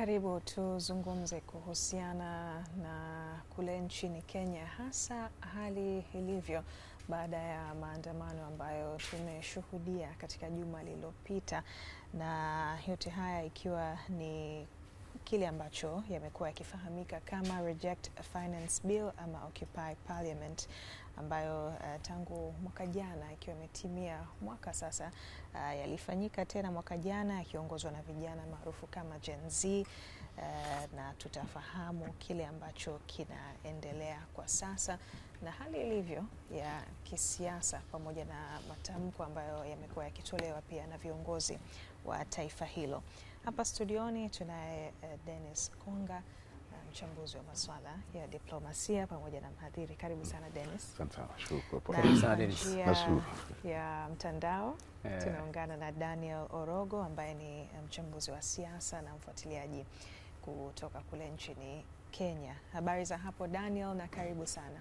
Karibu tuzungumze kuhusiana na kule nchini Kenya, hasa hali ilivyo baada ya maandamano ambayo tumeshuhudia katika juma lililopita, na yote haya ikiwa ni kile ambacho yamekuwa yakifahamika kama Reject Finance Bill ama Occupy Parliament ambayo uh, tangu mwaka jana ikiwa imetimia mwaka sasa uh, yalifanyika tena mwaka jana yakiongozwa na vijana maarufu kama Gen Z uh, na tutafahamu kile ambacho kinaendelea kwa sasa na hali ilivyo ya kisiasa pamoja na matamko ambayo yamekuwa yakitolewa pia na viongozi wa taifa hilo. Hapa studioni tunaye uh, Dennis Konga mchambuzi wa masuala ya diplomasia pamoja na mhadhiri. Karibu sana Dennis. Ya mtandao yeah. Tunaungana na Daniel Orogo ambaye ni mchambuzi wa siasa na mfuatiliaji kutoka kule nchini Kenya. Habari za hapo Daniel, na karibu sana.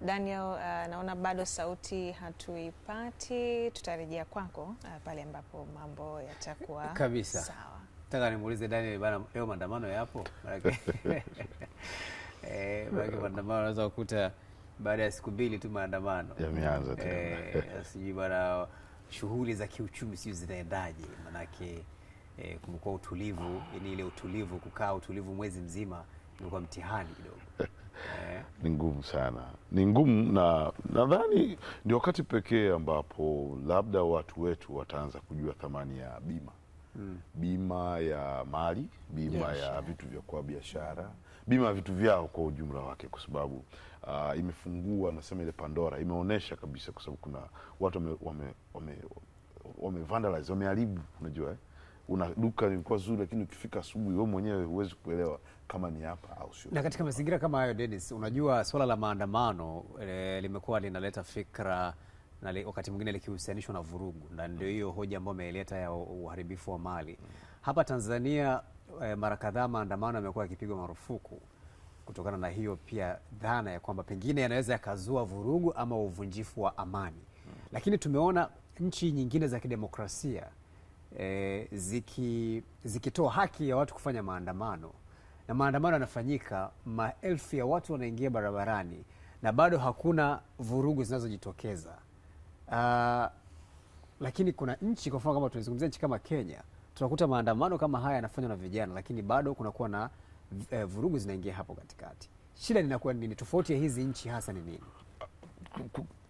Daniel, uh, naona bado sauti hatuipati, tutarejea kwako uh, pale ambapo mambo yatakuwa kabisa sawa. Nataka nimuulize Daniel bana, leo maandamano yapo? Eh, maandamano unaweza kukuta baada ya siku mbili tu maandamano yameanza tena. Eh, sijui bana, shughuli za kiuchumi sijui zinaendaje, manake eh, kumekuwa utulivu, yani ile utulivu, kukaa utulivu mwezi mzima imekuwa mtihani kidogo Eh. ni ngumu sana, ni ngumu, na nadhani ndio wakati pekee ambapo labda watu wetu wataanza kujua thamani ya bima mm. bima ya mali, bima yes, ya vitu vya kwa biashara, bima ya vitu vyao kwa ujumla wake, kwa sababu uh, imefungua nasema ile Pandora, imeonyesha kabisa, kwa sababu kuna watu wame, wame, wame, wame wameharibu, unajua eh? una duka lilikuwa zuri, lakini ukifika asubuhi wewe mwenyewe huwezi kuelewa kama ni hapa au sio. Na katika mazingira kama hayo, Dennis, unajua swala la maandamano e, limekuwa linaleta fikra na li, wakati mwingine likihusianishwa na vurugu na ndio hiyo hoja ambayo ameileta ya uharibifu wa mali mm. hapa Tanzania. E, mara kadhaa maandamano yamekuwa yakipigwa marufuku kutokana na hiyo pia dhana ya kwamba pengine yanaweza yakazua vurugu ama uvunjifu wa amani, mm. lakini tumeona nchi nyingine za kidemokrasia e, zikitoa ziki haki ya watu kufanya maandamano na maandamano yanafanyika, maelfu ya watu wanaingia barabarani na bado hakuna vurugu zinazojitokeza. Uh, lakini kuna nchi kwa mfano kama tunazungumzia nchi kama Kenya, tunakuta maandamano kama haya yanafanywa na vijana, lakini bado kunakuwa na uh, vurugu zinaingia hapo katikati. Shida linakuwa nini? Tofauti ya hizi nchi hasa ni nini?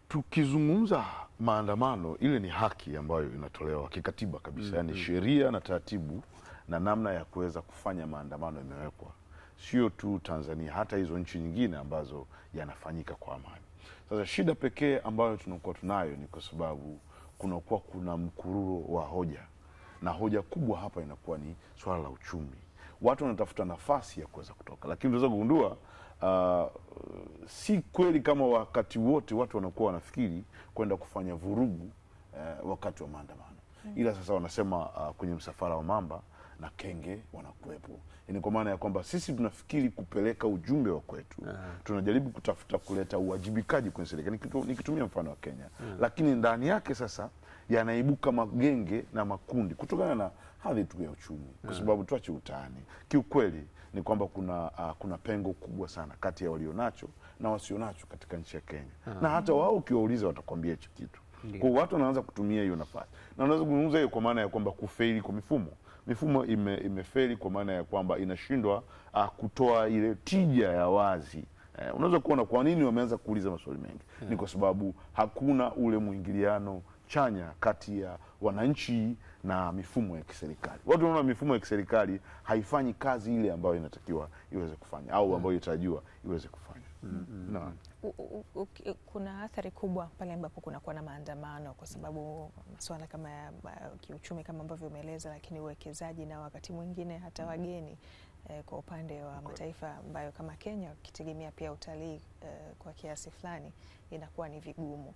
Tukizungumza maandamano, ile ni haki ambayo inatolewa kikatiba kabisa, mm -hmm. Yani mm. sheria na taratibu na namna ya kuweza kufanya maandamano imewekwa, sio tu Tanzania, hata hizo nchi nyingine ambazo yanafanyika kwa amani. Sasa shida pekee ambayo tunakuwa tunayo ni kwa sababu kunakuwa kuna mkururo wa hoja, na hoja kubwa hapa inakuwa ni swala la uchumi. Watu wanatafuta nafasi ya kuweza kutoka, lakini tunaweza kugundua Uh, si kweli kama wakati wote watu wanakuwa wanafikiri kwenda kufanya vurugu uh, wakati wa maandamano, mm. ila sasa wanasema uh, kwenye msafara wa mamba na kenge wanakuwepo, ni yaani kwa maana ya kwamba sisi tunafikiri kupeleka ujumbe wa kwetu uh tunajaribu kutafuta kuleta uwajibikaji kwenye serikali, nikitumia mfano wa Kenya uh lakini ndani yake sasa yanaibuka magenge na makundi kutokana na hali tu ya uchumi, kwa ah. sababu tuache utaani, kiukweli ni kwamba kuna, uh, kuna pengo kubwa sana kati ya walionacho na wasionacho katika nchi ya Kenya uh na hata wao ukiwauliza watakwambia hicho kitu. Kwa watu wanaanza kutumia hiyo nafasi na wanaweza kuzungumza hiyo kwa maana ya kwamba kufeili kwa mifumo mifumo ime, imefeli kwa maana ya kwamba inashindwa ah, kutoa ile tija ya wazi. uh, unaweza kuona kwa nini wameanza kuuliza maswali mengi yeah. Ni hmm. kwa sababu hakuna ule mwingiliano chanya kati ya wananchi na mifumo ya kiserikali. Watu wanaona mifumo ya kiserikali haifanyi kazi ile ambayo inatakiwa iweze kufanya au hmm. ambayo inatarajiwa iweze kufanya mm -hmm. hmm no kuna athari kubwa pale ambapo kunakuwa na maandamano, kwa sababu masuala kama ya kiuchumi kama ambavyo umeeleza, lakini uwekezaji na wakati mwingine hata mm-hmm. wageni eh, kwa upande wa mataifa ambayo kama Kenya wakitegemea pia utalii eh, kwa kiasi fulani inakuwa ni vigumu.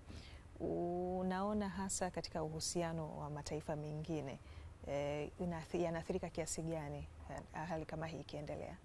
Unaona hasa katika uhusiano wa mataifa mengine eh, yanaathirika kiasi gani eh, hali kama hii ikiendelea?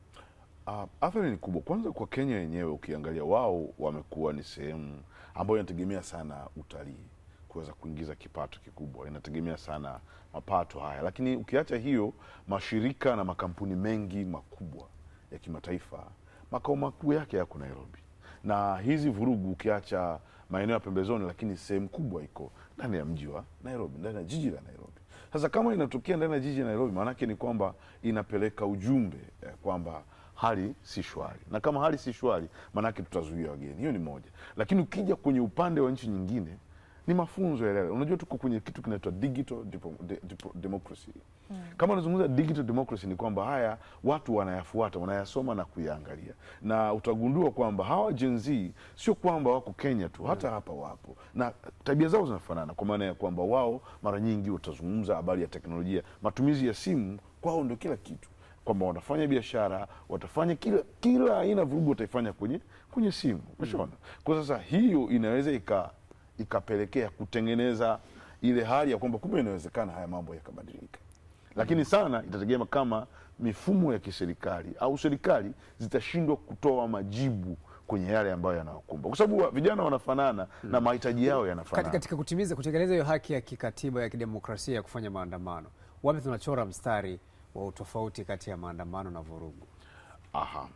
Uh, athari ni kubwa kwanza kwa Kenya yenyewe. Ukiangalia wao wamekuwa ni sehemu ambayo inategemea sana utalii kuweza kuingiza kipato kikubwa, inategemea sana mapato haya. Lakini ukiacha hiyo, mashirika na makampuni mengi makubwa ya kimataifa makao makuu yake yako Nairobi, na hizi vurugu, ukiacha maeneo ya pembezoni, lakini sehemu kubwa iko ndani ya mji wa Nairobi, ndani ya jiji la Nairobi. Sasa kama inatokea ndani ya jiji la Nairobi, maanake ni kwamba inapeleka ujumbe eh, kwamba hali si shwari, na kama hali si shwari, maanake tutazuia wageni. Hiyo ni moja, lakini ukija kwenye upande wa nchi nyingine ni mafunzo yale. Unajua, tuko kwenye kitu kinaitwa digital de, dipo, democracy mm. Kama unazungumza digital democracy, ni kwamba haya watu wanayafuata, wanayasoma na kuyaangalia, na utagundua kwamba hawa Gen Z sio kwamba wako Kenya tu, hata hmm. hapa wapo na tabia zao zinafanana, kwa maana ya kwamba wao mara nyingi utazungumza habari ya teknolojia, matumizi ya simu kwao ndio kila kitu kwamba watafanya biashara, watafanya kila kila aina vurugu wataifanya kwenye kwenye simu, umeshaona. Kwa sasa hiyo inaweza ika ikapelekea kutengeneza ile hali ya kwamba kumbe inawezekana haya mambo yakabadilika, lakini mm. sana itategema kama mifumo ya kiserikali au serikali zitashindwa kutoa majibu kwenye yale ambayo yanawakumba kwa sababu vijana wanafanana hmm, na mahitaji yao yanafanana katika kutimiza kutekeleza hiyo haki ya kikatiba ya kidemokrasia ya kufanya maandamano. Wapi tunachora mstari? wa utofauti kati ya maandamano na vurugu? Aha,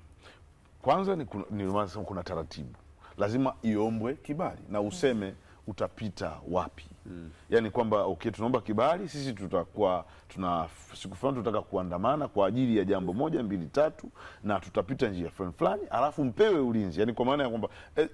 kwanza ni kuna, kuna taratibu lazima iombwe kibali na useme utapita wapi hmm. Yaani kwamba okay, tunaomba kibali sisi, tutakuwa tuna siku fulani tunataka kuandamana kwa ajili ya jambo moja mbili tatu, na tutapita njia fulani fulani, alafu mpewe ulinzi. Yaani kwa maana ya kwamba e,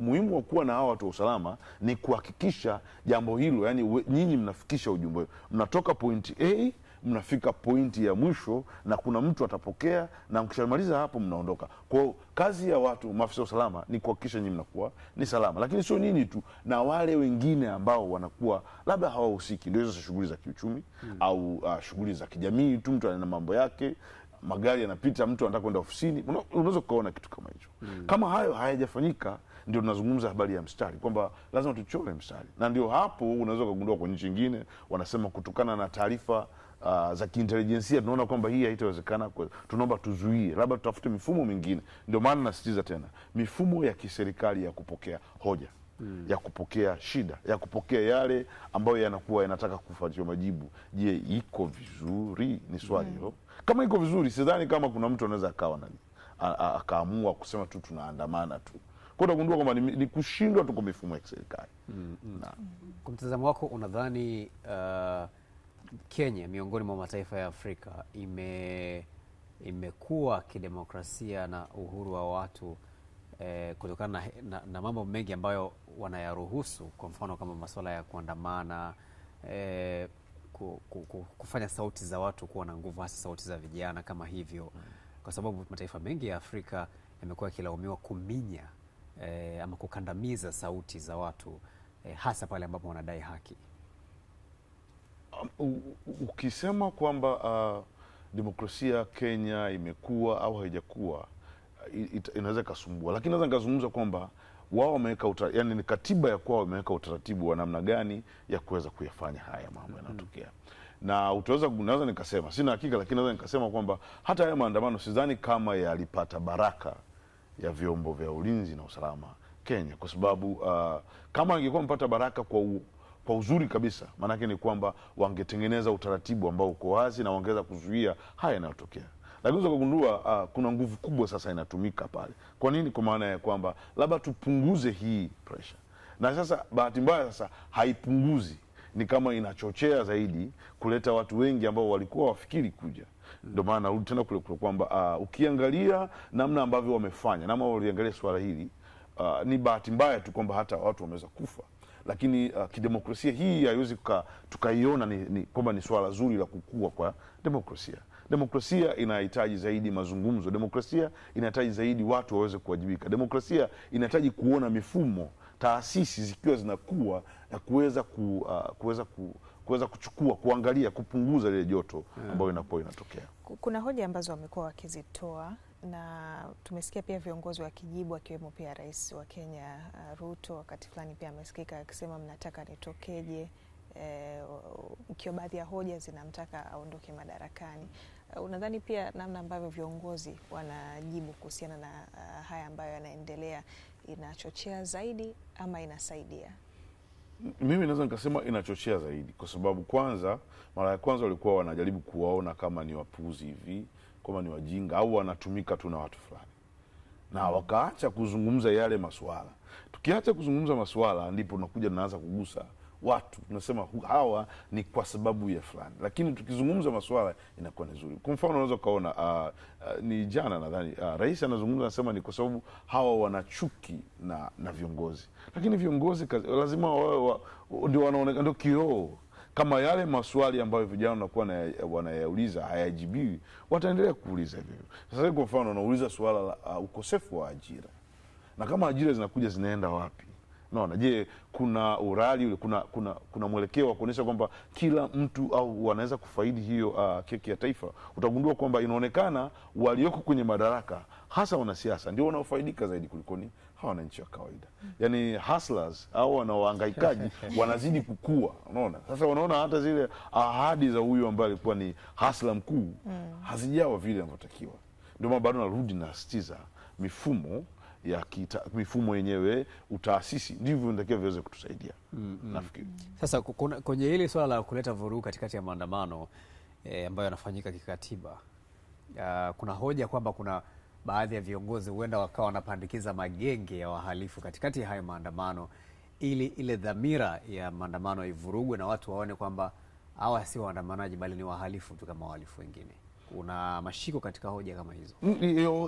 muhimu wa kuwa na hawa watu wa usalama ni kuhakikisha jambo hilo, yaani nyinyi mnafikisha ujumbe, mnatoka point A mnafika pointi ya mwisho na kuna mtu atapokea, na mkishamaliza hapo mnaondoka. kwao kazi ya watu maafisa wa usalama ni kuhakikisha nyinyi mnakuwa ni salama, lakini sio nini tu, na wale wengine ambao wanakuwa labda hawahusiki, ndio hizo shughuli za kiuchumi hmm, au uh, shughuli za kijamii tu, mtu ana mambo yake magari yanapita, mtu anataka kwenda ofisini, unaweza ukaona kitu kama hicho mm. Kama hayo hayajafanyika, ndio tunazungumza habari ya mstari, kwamba lazima tuchore mstari, na ndio hapo unaweza ukagundua kwenye nchi ingine wanasema kutokana na taarifa uh, za kiintelijensia tunaona kwamba hii haitawezekana, tunaomba tuzuie, labda tutafute mifumo mingine. Ndio maana nasitiza tena mifumo ya kiserikali ya kupokea hoja Hmm. ya kupokea shida ya kupokea yale ambayo yanakuwa yanataka kufuatiwa majibu. Je, iko vizuri? Ni swali hilo hmm. Kama iko vizuri, sidhani kama kuna mtu anaweza akawa na akaamua kusema tu tunaandamana tu kwa, utagundua kwamba ni, ni kushindwa tu kwa mifumo ya kiserikali hmm. hmm. Kwa mtazamo wako unadhani uh, Kenya miongoni mwa mataifa ya Afrika ime imekuwa kidemokrasia na uhuru wa watu eh, kutokana na, na, na mambo mengi ambayo wanayaruhusu, kwa mfano kama masuala ya kuandamana eh, kufanya sauti za watu kuwa na nguvu, hasa sauti za vijana kama hivyo, hmm. kwa sababu mataifa mengi ya Afrika yamekuwa yakilaumiwa kuminya eh, ama kukandamiza sauti za watu eh, hasa pale ambapo wanadai haki ukisema kwamba uh, demokrasia Kenya imekuwa au haijakuwa uh, inaweza ikasumbua, lakini naweza nikazungumza kwamba wao wameweka yani, ni katiba ya kwao wameweka utaratibu wa namna gani ya kuweza kuyafanya haya mambo mm-hmm. yanayotokea. mm. na utaweza, naweza nikasema sina hakika, lakini naweza nikasema kwamba hata haya maandamano sidhani kama yalipata baraka ya vyombo vya ulinzi na usalama Kenya, kwa sababu uh, kama angekuwa mpata baraka kwa u, kwa uzuri kabisa, maanake ni kwamba wangetengeneza utaratibu ambao uko wazi na wangeweza kuzuia haya yanayotokea lakini za kugundua uh, kuna nguvu kubwa sasa inatumika pale. Kwa nini? Kwa maana ya kwamba labda tupunguze hii pressure, na sasa bahati mbaya sasa haipunguzi, ni kama inachochea zaidi kuleta watu wengi ambao walikuwa wafikiri kuja. Ndio maana narudi tena kule kule kwamba uh, ukiangalia namna ambavyo wamefanya, namna waliangalia swala hili uh, ni bahati mbaya tu kwamba hata watu wameweza kufa lakini uh, kidemokrasia hii haiwezi tukaiona ni, ni, kwamba ni swala zuri la kukua kwa demokrasia. Demokrasia inahitaji zaidi mazungumzo. Demokrasia inahitaji zaidi watu waweze kuwajibika. Demokrasia inahitaji kuona mifumo, taasisi zikiwa zinakuwa na kuweza ku, uh, kuweza ku, kuweza kuchukua kuangalia kupunguza lile joto hmm. ambayo inakuwa inatokea. Kuna hoja ambazo wamekuwa wakizitoa na tumesikia pia viongozi wakijibu akiwemo pia Rais wa Kenya uh, Ruto wakati fulani pia amesikika akisema mnataka nitokeje, eh, ikiwa e, baadhi ya hoja zinamtaka aondoke madarakani. Uh, unadhani pia namna ambavyo viongozi wanajibu kuhusiana na uh, haya ambayo yanaendelea inachochea zaidi ama inasaidia? Mimi naweza nikasema inachochea zaidi, kwa sababu kwanza, mara ya kwanza walikuwa wanajaribu kuwaona kama ni wapuuzi hivi kwamba ni wajinga au wanatumika tu na watu fulani, na wakaacha kuzungumza yale masuala. Tukiacha kuzungumza masuala, ndipo nakuja naanza kugusa watu, tunasema hawa ni kwa sababu ya fulani, lakini tukizungumza masuala inakuwa ni zuri. Kwa mfano unaweza ukaona uh, uh, ni jana nadhani uh, rais anazungumza anasema ni kwa sababu hawa wana chuki na, na viongozi, lakini viongozi lazima wawe ndio wanaonekana ndio kioo kama yale maswali ambayo vijana wanakuwa wanayauliza hayajibiwi, wataendelea kuuliza hivyo. Sasa kwa mfano, wanauliza suala la uh, ukosefu wa ajira, na kama ajira zinakuja zinaenda wapi? Naona je, kuna urali ule, kuna kuna kuna mwelekeo wa kuonyesha kwamba kila mtu au wanaweza kufaidi hiyo uh, keki ya taifa. Utagundua kwamba inaonekana walioko kwenye madaraka hasa wanasiasa ndio wanaofaidika zaidi kulikoni hawa wananchi wa kawaida, yani hustlers au wanaohangaikaji wanazidi kukua. Unaona sasa, unaona hata zile ahadi za huyu ambaye alikuwa ni hasla mkuu mm. hazijawa vile inavyotakiwa. Ndio maana bado narudi nasitiza mifumo ya kita, mifumo yenyewe utaasisi ndivyo inatakiwa viweze kutusaidia. mm -hmm. Nafikiri sasa kwenye hili swala la kuleta vurugu katikati ya maandamano eh, ambayo yanafanyika kikatiba, uh, kuna hoja kwamba kuna baadhi ya viongozi huenda wakawa wanapandikiza magenge ya wahalifu katikati ya hayo maandamano ili ile dhamira ya maandamano ivurugwe na watu waone kwamba hawa sio waandamanaji bali ni wahalifu tu kama wahalifu wengine. Kuna mashiko katika hoja kama hizo? Mm,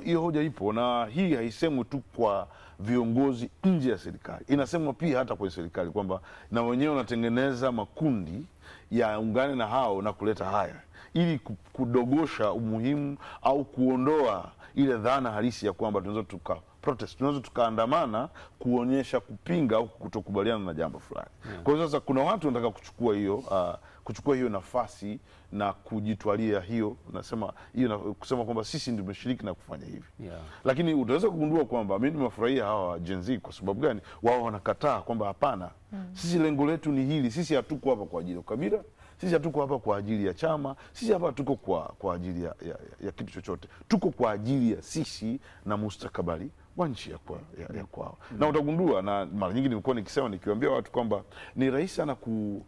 hiyo hoja ipo, na hii haisemwi tu kwa viongozi nje ya serikali, inasemwa pia hata kwenye serikali kwamba na wenyewe wanatengeneza makundi yaungane na hao na kuleta haya ili kudogosha umuhimu au kuondoa ile dhana halisi ya kwamba tunaweza tuka protest, tunaweza tukaandamana kuonyesha kupinga au kutokubaliana na jambo fulani yeah. Kwa hiyo sasa kuna watu wanataka kuchukua hiyo uh, kuchukua hiyo nafasi na kujitwalia hiyo, nasema hiyo na kusema kwamba sisi ndio tumeshiriki na kufanya hivi yeah. Lakini utaweza kugundua kwamba mimi nimefurahia hawa Gen Z kwa sababu gani? Wao wanakataa kwamba hapana, mm. Sisi lengo letu ni hili, sisi hatuko hapa kwa ajili ya ukabila sisi hatuko hapa kwa ajili ya chama, sisi hapa tuko kwa, kwa ajili ya, ya, ya kitu chochote. Tuko kwa ajili ya sisi na mustakabali wa nchi ya kwao ya, ya kwa. mm -hmm. Na utagundua na mara nyingi nimekuwa nikisema nikiwaambia watu kwamba ni rahisi sana ku,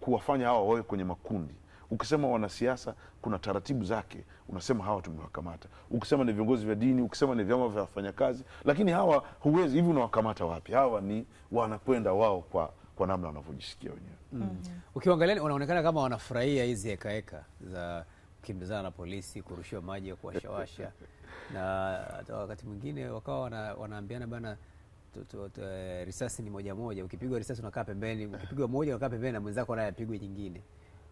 kuwafanya hawa wawe kwenye makundi Ukisema wanasiasa kuna taratibu zake, unasema hawa tumewakamata. Ukisema ni viongozi vya dini, ukisema ni vyama vya wafanyakazi, lakini hawa huwezi hivi, unawakamata wapi? Hawa ni wanakwenda wao kwa kwa namna wanavyojisikia wenyewe mm. mm. Ukiangalia wanaonekana kama wanafurahia hizi hekaheka za kukimbizana na polisi, kurushiwa maji ya kuwashawasha na wakati mwingine wakawa wana, wanaambiana bana eh, risasi ni moja moja, ukipigwa risasi unakaa pembeni, ukipigwa moja unakaa pembeni na mwenzako naye apigwe nyingine.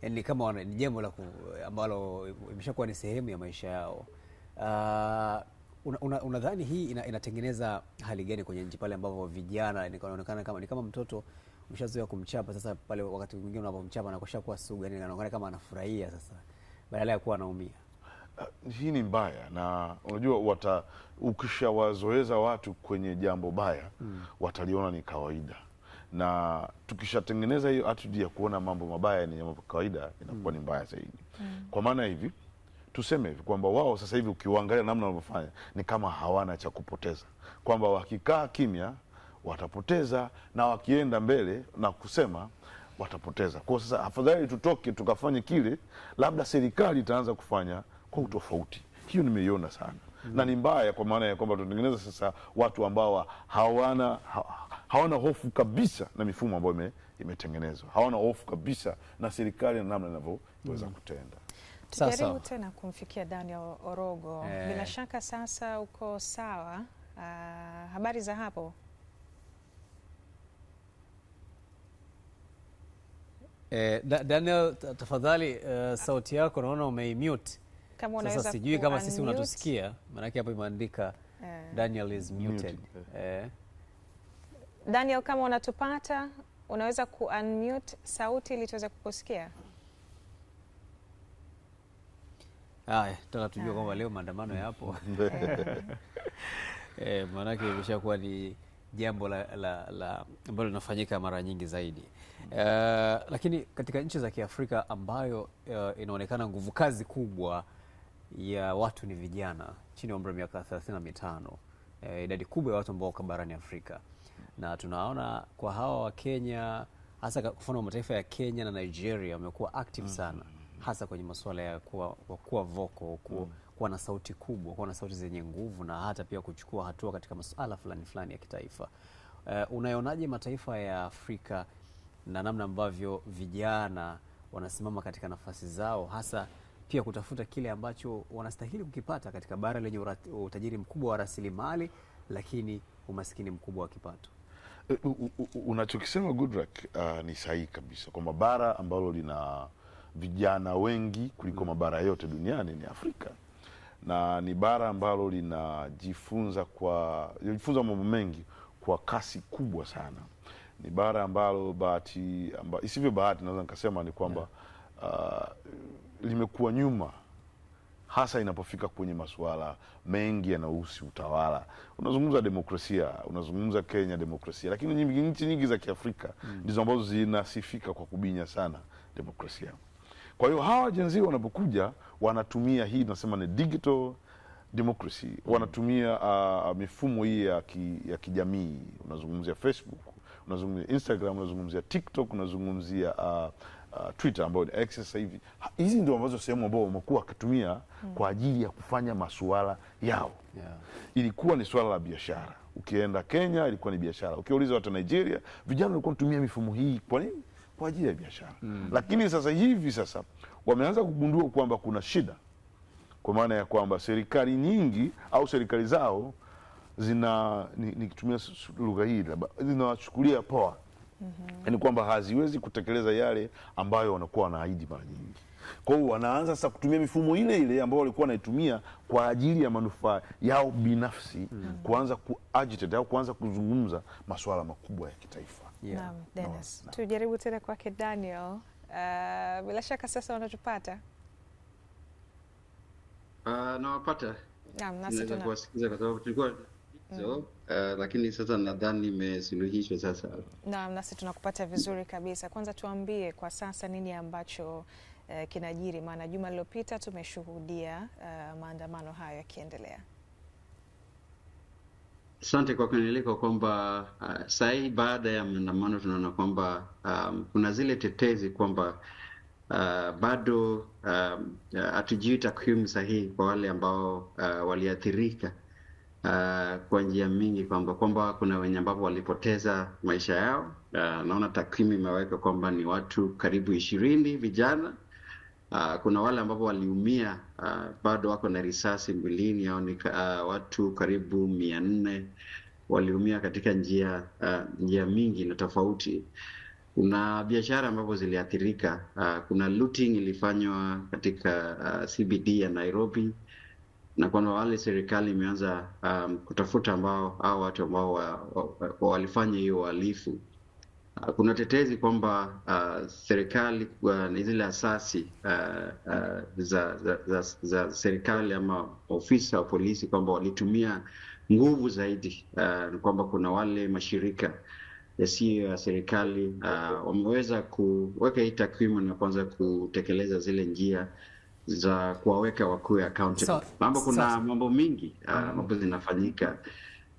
Yani ni kama ni jambo la ambalo imeshakuwa ni sehemu ya maisha yao. Uh, ah, unadhani una, una hii ina, inatengeneza hali gani kwenye nchi pale ambapo vijana inaonekana kama ni kama mtoto mshazoea kumchapa sasa, pale wakati mwingine unapomchapa na anakosha kuwa sugu, yani anaonekana kama anafurahia sasa badala ya kuwa anaumia. Uh, hii ni mbaya, na unajua wata ukishawazoeza watu kwenye jambo baya mm, wataliona ni kawaida na tukishatengeneza hiyo attitude ya kuona mambo mabaya ni jambo kawaida inakuwa mm. ni mbaya zaidi mm. Kwa maana hivi tuseme hivi kwamba wao sasa hivi ukiwaangalia namna wanavyofanya ni kama hawana cha kupoteza, kwamba wakikaa kimya watapoteza, na wakienda mbele na kusema watapoteza. Kwa sasa afadhali tutoke tukafanye kile, labda serikali itaanza kufanya kwa utofauti. Hiyo nimeiona sana mm -hmm. na ni mbaya kwa maana ya kwamba tunatengeneza sasa watu ambao hawana ha, hawana hofu kabisa na mifumo ambayo imetengenezwa, hawana hofu kabisa na serikali na namna inavyoweza mm. kutenda. Tujaribu tena kumfikia Daniel Orogo eh. Bila shaka sasa uko sawa. Uh, habari za hapo Eh, Daniel tafadhali, uh, sauti yako naona umeimute. Kama unaweza sasa sijui kama sisi unatusikia, maanake hapo imeandika eh, Daniel is muted. Eh. eh. Daniel kama unatupata unaweza ku unmute sauti ili tuweze kukusikia. Haya, tena tujue kwamba leo maandamano yapo. Eh, eh maanake imeshakuwa ni jambo la, la, la ambalo linafanyika mara nyingi zaidi uh, lakini katika nchi za Kiafrika ambayo uh, inaonekana nguvu kazi kubwa ya watu ni vijana chini ya umri wa miaka thelathini na mitano uh, idadi kubwa ya watu ambao wako barani Afrika na tunaona kwa hawa wa Kenya hasa kwa mfano mataifa ya Kenya na Nigeria wamekuwa active mm-hmm. sana hasa kwenye masuala ya kuwa, kuwa voko kuwa, mm kuwa na sauti kubwa, kuwa na sauti zenye nguvu na hata pia kuchukua hatua katika masuala fulani fulani ya kitaifa. Uh, eh, unayonaje mataifa ya Afrika na namna ambavyo vijana wanasimama katika nafasi zao hasa pia kutafuta kile ambacho wanastahili kukipata katika bara lenye utajiri mkubwa wa rasilimali lakini umaskini mkubwa wa kipato. Eh, unachokisema Goodluck, uh, ni sahihi kabisa kwamba bara ambalo lina vijana wengi kuliko mm. mabara yote duniani ni Afrika na ni bara ambalo linajifunza kwa linajifunza mambo mengi kwa kasi kubwa sana. Ni bara ambalo bahati amba, isivyo bahati naweza nikasema ni kwamba uh, limekuwa nyuma hasa inapofika kwenye masuala mengi yanayohusu utawala. Unazungumza demokrasia, unazungumza Kenya demokrasia, lakini nchi nyingi za Kiafrika mm, ndizo ambazo zinasifika kwa kubinya sana demokrasia. Kwa hiyo hawa jenzi wanapokuja wanatumia hii tunasema ni digital democracy, mm. wanatumia uh, uh, mifumo hii ya, ki, ya kijamii. Unazungumzia Facebook, unazungumzia Instagram, unazungumzia TikTok, unazungumzia uh, uh, Twitter ambayo ni X sasa hivi. Hizi ndio ambazo sehemu ambao wamekuwa wakitumia mm. kwa ajili ya kufanya masuala yao yeah. Ilikuwa ni swala la biashara, ukienda Kenya ilikuwa ni biashara. Ukiuliza watu Nigeria, vijana walikuwa wanatumia mifumo hii. Kwa nini? kwa ajili ya biashara mm. Lakini sasa hivi sasa wameanza kugundua kwamba kuna shida, kwa maana ya kwamba serikali nyingi au serikali zao zina nikitumia ni lugha hii labda zinawachukulia poa mm -hmm. kwamba haziwezi kutekeleza yale ambayo wanakuwa wanaahidi mara nyingi. Kwa hiyo wanaanza sasa kutumia mifumo ile ile ambayo walikuwa wanaitumia kwa ajili ya manufaa yao binafsi mm -hmm. Kuanza kuagitate au kuanza kuzungumza masuala makubwa ya kitaifa yeah. No, tujaribu tena kwake Daniel. Uh, bila shaka sasa wanatupata uh, nawapata kwa sababu tulikuwa So, mm. uh, lakini sasa nadhani imesuluhishwa sasa. Naam, nasi tunakupata vizuri kabisa. Kwanza tuambie kwa sasa nini ambacho uh, kinajiri, maana juma lililopita tumeshuhudia uh, maandamano hayo yakiendelea. Asante kwa kunialika kwamba uh, saa baada ya maandamano tunaona kwamba um, kuna zile tetezi kwamba uh, bado um, uh, hatujui um, takwimu sahihi kwa wale ambao uh, waliathirika uh, kwa njia mingi, kwamba kwamba kuna wenye ambapo walipoteza maisha yao. Uh, naona takwimu imeweka kwamba ni watu karibu ishirini vijana Uh, kuna wale ambapo waliumia uh, bado wako na risasi mwilini au ni uh, watu karibu mia nne waliumia katika njia uh, njia mingi na tofauti. Kuna biashara ambapo ziliathirika. Uh, kuna looting ilifanywa katika uh, CBD ya Nairobi, na kwa wale serikali imeanza um, kutafuta ambao au watu ambao wa, wa, wa, walifanya hiyo uhalifu Ah, kuna tetezi kwamba uh, serikali uh, zile asasi uh, uh, za, za, za, za serikali ama ofisa wa polisi kwamba walitumia nguvu zaidi uh, kwamba kuna wale mashirika yasiyo ya serikali uh, wameweza kuweka hii takwimu na kuanza kutekeleza zile njia za kuwaweka wakuu accountable. Mambo kuna mambo mingi uh, mambo zinafanyika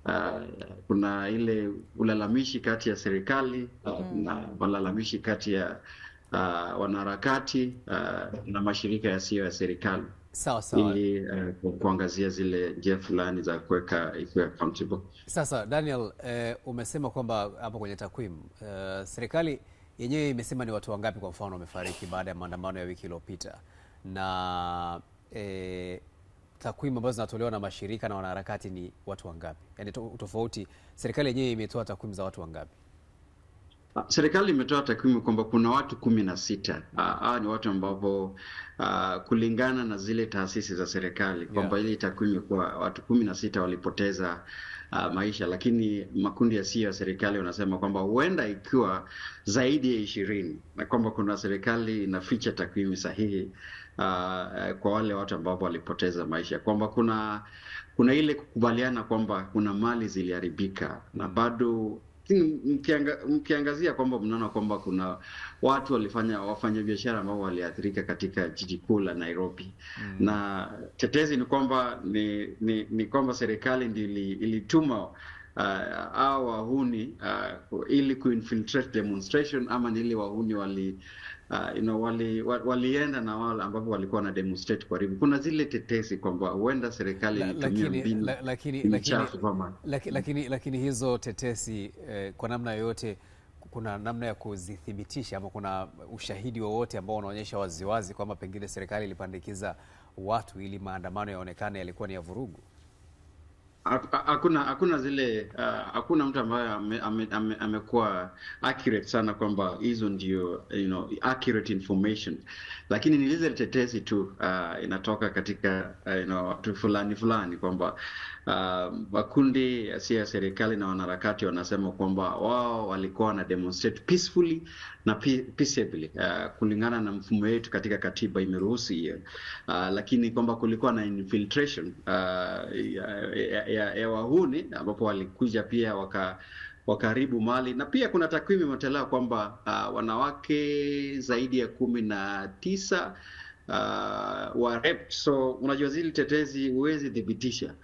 uh, kuna ile ulalamishi kati ya serikali uh, na walalamishi kati ya uh, wanaharakati uh, na mashirika yasiyo ya serikali sawa sawa, ili uh, kuangazia zile njia fulani za kuweka ikiwa accountable. Sasa Daniel, uh, umesema kwamba hapo kwenye takwimu uh, serikali yenyewe imesema ni watu wangapi kwa mfano wamefariki baada ya maandamano ya wiki iliyopita na eh, takwimu ambazo zinatolewa na mashirika na wanaharakati ni watu wangapi? Yaani tofauti, serikali yenyewe imetoa takwimu za watu wangapi? Ah, serikali imetoa takwimu kwamba kuna watu kumi na sita. Ah, hawa ni watu ambapo Uh, ah, kulingana na zile taasisi za serikali kwamba yeah, ile takwimu kuwa watu kumi na sita walipoteza uh, maisha, lakini makundi yasiyo ya serikali wanasema kwamba huenda ikiwa zaidi ya ishirini na kwamba kuna serikali inaficha takwimu sahihi uh, kwa wale watu ambapo walipoteza maisha, kwamba kuna kuna ile kukubaliana kwamba kuna mali ziliharibika na bado mkiangazia kwamba mnaona kwamba kuna watu walifanya wafanya biashara ambao waliathirika katika jiji kuu la Nairobi mm. na tetezi ni kwamba ni, ni, ni kwamba serikali ndio ilituma Uh, au wahuni uh, ili kuinfiltrate demonstration ama ni ile wahuni wali uh, you know, wali, walienda na wale ambapo walikuwa na demonstrate kwa karibu. Kuna zile tetesi kwamba huenda serikali ilitumia mbinu chafu kama lakini, lakini hizo tetesi eh, kwa namna yoyote kuna namna ya kuzithibitisha ama kuna ushahidi wowote ambao unaonyesha waziwazi kwamba pengine serikali ilipandikiza watu ili maandamano yaonekane yalikuwa ni ya vurugu? hakuna hakuna zile hakuna uh, mtu ambaye amekuwa ame, ame, ame accurate sana kwamba hizo ndio you know, accurate information, lakini ni zile tetesi tu uh, inatoka katika uh, you know, watu fulani fulani kwamba uh, makundi yasiyo ya serikali na wanaharakati wanasema kwamba wao walikuwa wana demonstrate peacefully na peaceably uh, kulingana na mfumo wetu katika katiba imeruhusu hiyo uh, lakini kwamba kulikuwa na infiltration uh, ya, ya, ya, ya wahuni ambapo walikuja pia waka wakaribu mali na pia kuna takwimu imetolewa kwamba uh, wanawake zaidi ya kumi na tisa uh, wa rape. So unajua zile tetezi huwezi thibitisha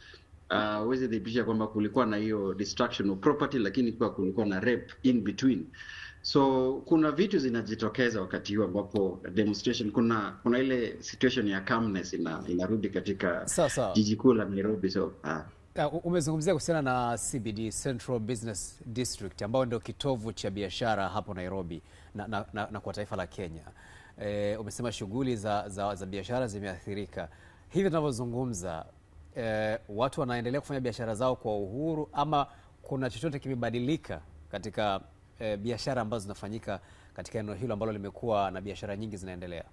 uh, huwezi uh, thibitisha kwamba kulikuwa na hiyo destruction of property, lakini kwa kulikuwa na rep in between. So kuna vitu zinajitokeza wakati huu ambapo demonstration, kuna kuna ile situation ya calmness ina, inarudi katika jiji kuu la Nairobi so uh, Uh, umezungumzia kuhusiana na CBD Central Business District ambayo ndio kitovu cha biashara hapo Nairobi na, na, na, na kwa taifa la Kenya. E, umesema shughuli za, za, za biashara zimeathirika. Hivi tunavyozungumza, e, watu wanaendelea kufanya biashara zao kwa uhuru ama kuna chochote kimebadilika katika e, biashara ambazo zinafanyika katika eneo hilo ambalo limekuwa na biashara nyingi zinaendelea?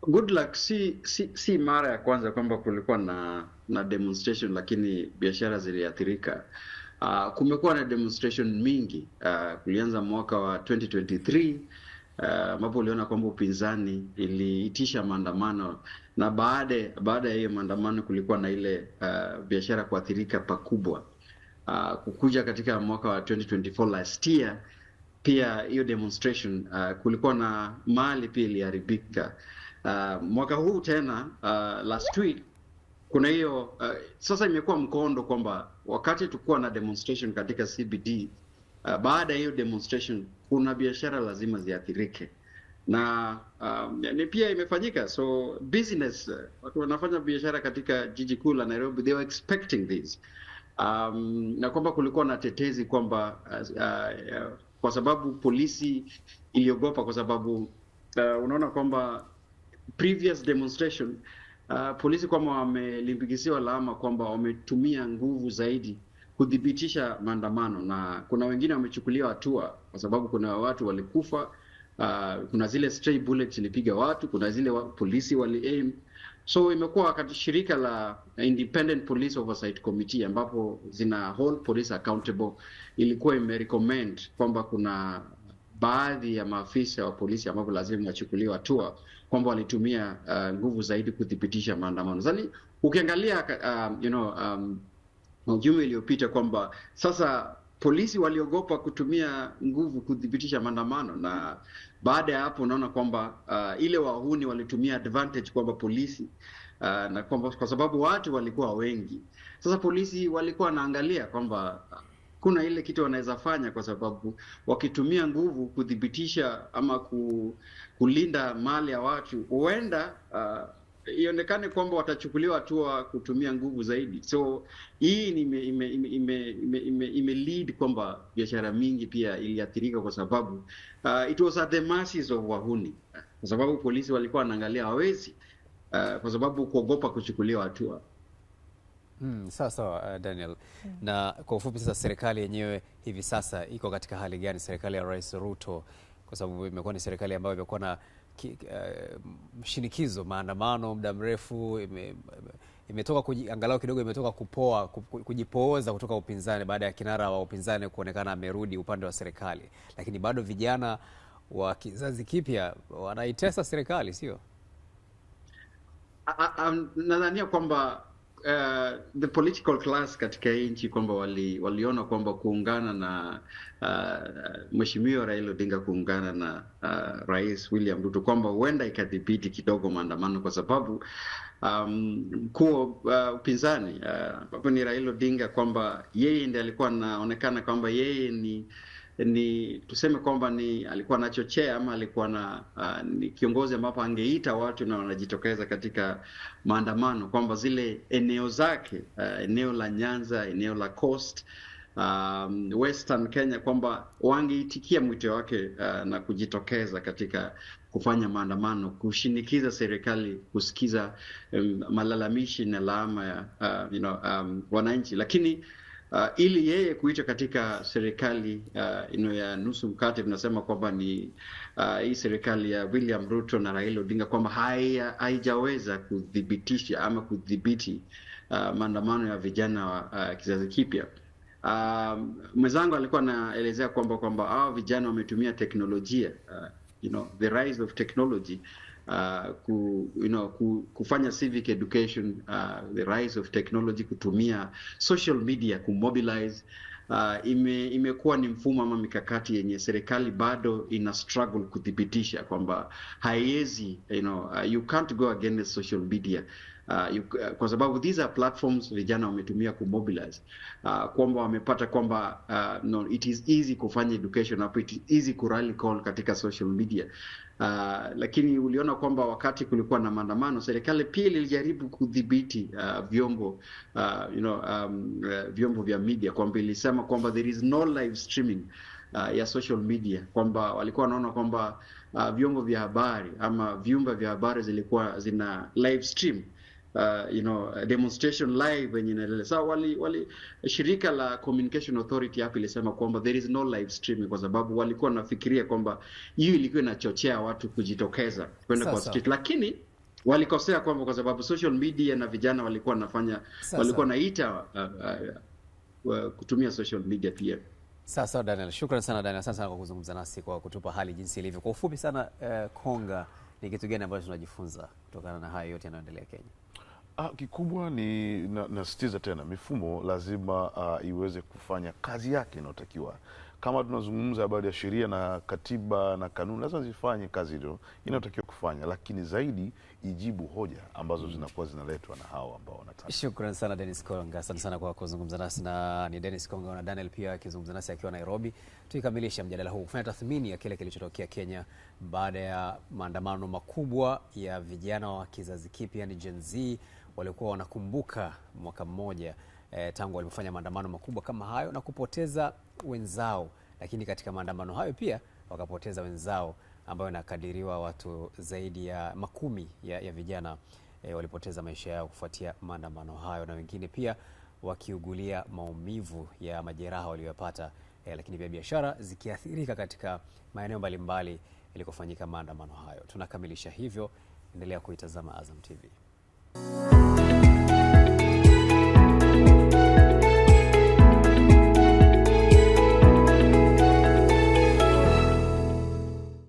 good luck si, si, si mara ya kwanza kwamba kulikuwa na na demonstration lakini biashara ziliathirika. Uh, kumekuwa na demonstration mingi uh, kulianza mwaka wa 2023 ah, ambapo uh, uliona kwamba upinzani iliitisha maandamano na baada baada ya hiyo maandamano kulikuwa na ile uh, biashara kuathirika pakubwa. Uh, kukuja katika mwaka wa 2024 last year pia hiyo demonstration uh, kulikuwa na mali pia iliharibika. Uh, mwaka huu tena uh, last week kuna hiyo uh, sasa imekuwa mkondo kwamba wakati tukuwa na demonstration katika CBD uh, baada ya hiyo demonstration kuna biashara lazima ziathirike na um, ni pia imefanyika so business uh, watu wanafanya biashara katika jiji kuu la Nairobi they were expecting this um, na kwamba kulikuwa na tetezi kwamba uh, uh, kwa sababu polisi iliogopa kwa sababu uh, unaona kwamba previous demonstration uh, polisi kwamba wamelimbikiziwa lawama kwamba wametumia nguvu zaidi kuthibitisha maandamano, na kuna wengine wamechukuliwa hatua kwa sababu kuna watu walikufa. Uh, kuna zile stray bullet zilipiga watu, kuna zile wa, polisi wali aim. So imekuwa wakati shirika la Independent Police Oversight Committee ambapo zina hold police accountable ilikuwa imerecommend kwamba kuna baadhi ya maafisa wa polisi ambapo lazima wachukuliwe hatua kwamba walitumia uh, nguvu zaidi kuthibitisha maandamano. Zani ukiangalia uh, you know, um, ujumbe iliyopita kwamba sasa polisi waliogopa kutumia nguvu kuthibitisha maandamano, na baada ya hapo unaona kwamba uh, ile wahuni walitumia advantage kwamba polisi uh, na kwamba kwa sababu watu walikuwa wengi, sasa polisi walikuwa wanaangalia kwamba kuna ile kitu wanaweza fanya, kwa sababu wakitumia nguvu kuthibitisha ama kulinda mali ya watu huenda uh, ionekane kwamba watachukuliwa hatua kutumia nguvu zaidi. So hii ime, ime, ime, ime, ime, ime lead kwamba biashara mingi pia iliathirika, kwa sababu uh, it was at the masses of wahuni, kwa sababu polisi walikuwa wanaangalia hawezi, uh, kwa sababu kuogopa kuchukuliwa hatua Mm, sawa sawa uh, Daniel. Mm. Na kwa ufupi sasa serikali yenyewe hivi sasa iko katika hali gani serikali ya Rais Ruto kwa sababu imekuwa ni serikali ambayo imekuwa na uh, shinikizo, maandamano muda mrefu, ime, imetoka kuji, angalau kidogo imetoka kupoa kujipooza kutoka upinzani baada ya kinara wa upinzani kuonekana amerudi upande wa serikali, lakini bado vijana wa kizazi kipya wanaitesa serikali, sio? Nadhania kwamba uh, the political class katika hii nchi kwamba wali, waliona kwamba kuungana na uh, mheshimiwa Raila Odinga kuungana na uh, Rais William Ruto kwamba huenda ikadhibiti kidogo maandamano kwa sababu um, kuo uh, upinzani uh, ambapo uh, ni Raila Odinga kwamba yeye ndiye alikuwa anaonekana kwamba yeye ni ni tuseme kwamba ni alikuwa anachochea ama alikuwa na uh, ni kiongozi ambapo angeita watu na wanajitokeza katika maandamano, kwamba zile eneo zake uh, eneo la Nyanza, eneo la Coast um, Western Kenya, kwamba wangeitikia mwito wake uh, na kujitokeza katika kufanya maandamano kushinikiza serikali kusikiza um, malalamishi na laama ya uh, you know, um, wananchi lakini Uh, ili yeye kuita katika serikali uh, ino ya nusu mkate, tunasema kwamba ni uh, hii serikali ya William Ruto na Raila Odinga kwamba haijaweza kudhibitisha ama kudhibiti uh, maandamano ya vijana wa uh, kizazi kipya. Uh, mwenzangu alikuwa anaelezea kwamba kwamba hao vijana wametumia teknolojia uh, you know, the rise of technology uh, ku, you know, ku, kufanya civic education uh, the rise of technology, kutumia social media kumobilize Uh, ime, imekuwa ni mfumo ama mikakati yenye serikali bado ina struggle kuthibitisha kwamba haiwezi you know, uh, you can't go against social media uh, you, uh, kwa sababu these are platforms vijana wametumia ku mobilize uh, kwamba wamepata kwamba uh, no, it is easy kufanya education up it is easy ku rally call katika social media uh, lakini uliona kwamba wakati kulikuwa na maandamano, serikali pia ilijaribu kudhibiti uh, vyombo uh, you know, um, uh, vyombo vya media kwamba ilisema kwamba there is no live streaming uh, ya social media kwamba walikuwa wanaona kwamba uh, vyombo vya habari ama vyumba vya habari zilikuwa zina live stream uh, you know, demonstration live yenye inaendelea sasa. Wali, wali shirika la Communication Authority hapo ilisema kwamba there is no live streaming kwa sababu walikuwa wanafikiria kwamba hiyo ilikuwa inachochea watu kujitokeza kwenda kwa street, lakini walikosea kwamba kwa sababu social media na vijana walikuwa wanafanya walikuwa wanaita uh, uh, uh, kutumia social media pia. Sawa sawa, Daniel, shukrani sana Daniel, asante sana kwa kuzungumza nasi kwa kutupa hali jinsi ilivyo. Kwa ufupi sana, uh, Konga ni kitu gani ambacho tunajifunza kutokana na hayo yote yanayoendelea Kenya? Ah, kikubwa ni nasitiza na tena mifumo lazima uh, iweze kufanya kazi yake inayotakiwa. Kama tunazungumza habari ya sheria na katiba na kanuni, lazima zifanye kazi hiyo inayotakiwa kufanya, lakini zaidi ijibu hoja ambazo mm. zinakuwa zinaletwa na hao ambao wanataka. Shukrani sana Dennis Konga, asante sana kwa kuzungumza nasi, na ni Dennis Konga na Daniel pia akizungumza nasi akiwa Nairobi. Tuikamilisha mjadala huu kufanya tathmini ya kile kilichotokea Kenya baada ya maandamano makubwa ya vijana wa kizazi kipya, yani Gen Z waliokuwa wanakumbuka mwaka mmoja eh, tangu walipofanya maandamano makubwa kama hayo na kupoteza wenzao, lakini katika maandamano hayo pia wakapoteza wenzao ambayo inakadiriwa watu zaidi ya makumi ya, ya vijana eh, walipoteza maisha yao kufuatia maandamano hayo na wengine pia wakiugulia maumivu ya majeraha waliyoyapata eh, lakini pia biashara zikiathirika katika maeneo mbalimbali ilikofanyika maandamano hayo. Tunakamilisha hivyo, endelea kuitazama Azam TV. Thank you.